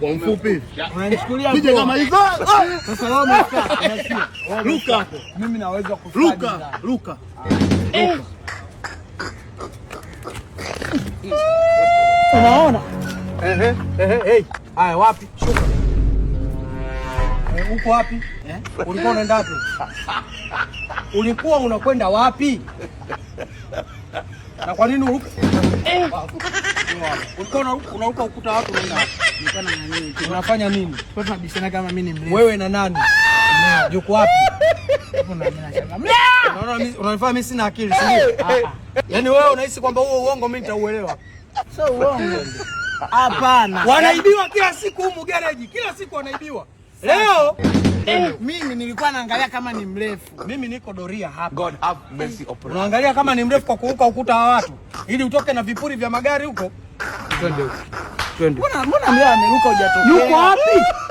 Kwa mfupi. Ah! mimi naweza kufanya. Ah. Eh. Unaona? Eh wapi? Shuka. Eh, uko wapi? Eh, ulikuwa unaenda Ulikuwa unakwenda wapi? Na kwa nini uruka? Eh. Ulikuwa unaruka ukuta wapi unaenda? Nilikuwa na Unafanya nini? Kwa nini unabishana kama mimi ni mrefu. Wewe na nani? Yuko wapi? Unanifanya mimi sina akili, si ndio? Eh. Ah, ah. Yaani wewe unahisi kwamba huo uongo mimi nitauelewa. Sio uongo. Ah. Hapana. Wanaibiwa kila siku humu garage, kila siku wanaibiwa. Leo eh, mimi nilikuwa naangalia kama ni mrefu, mimi niko doria hapa. God have mercy upon us. Unaangalia kama ni mrefu kwa kuruka ukuta wa watu ili utoke na vipuri vya magari huko. Twende huko. Twende. Mbona mbona mleo ameruka hujatokea? Yuko wapi?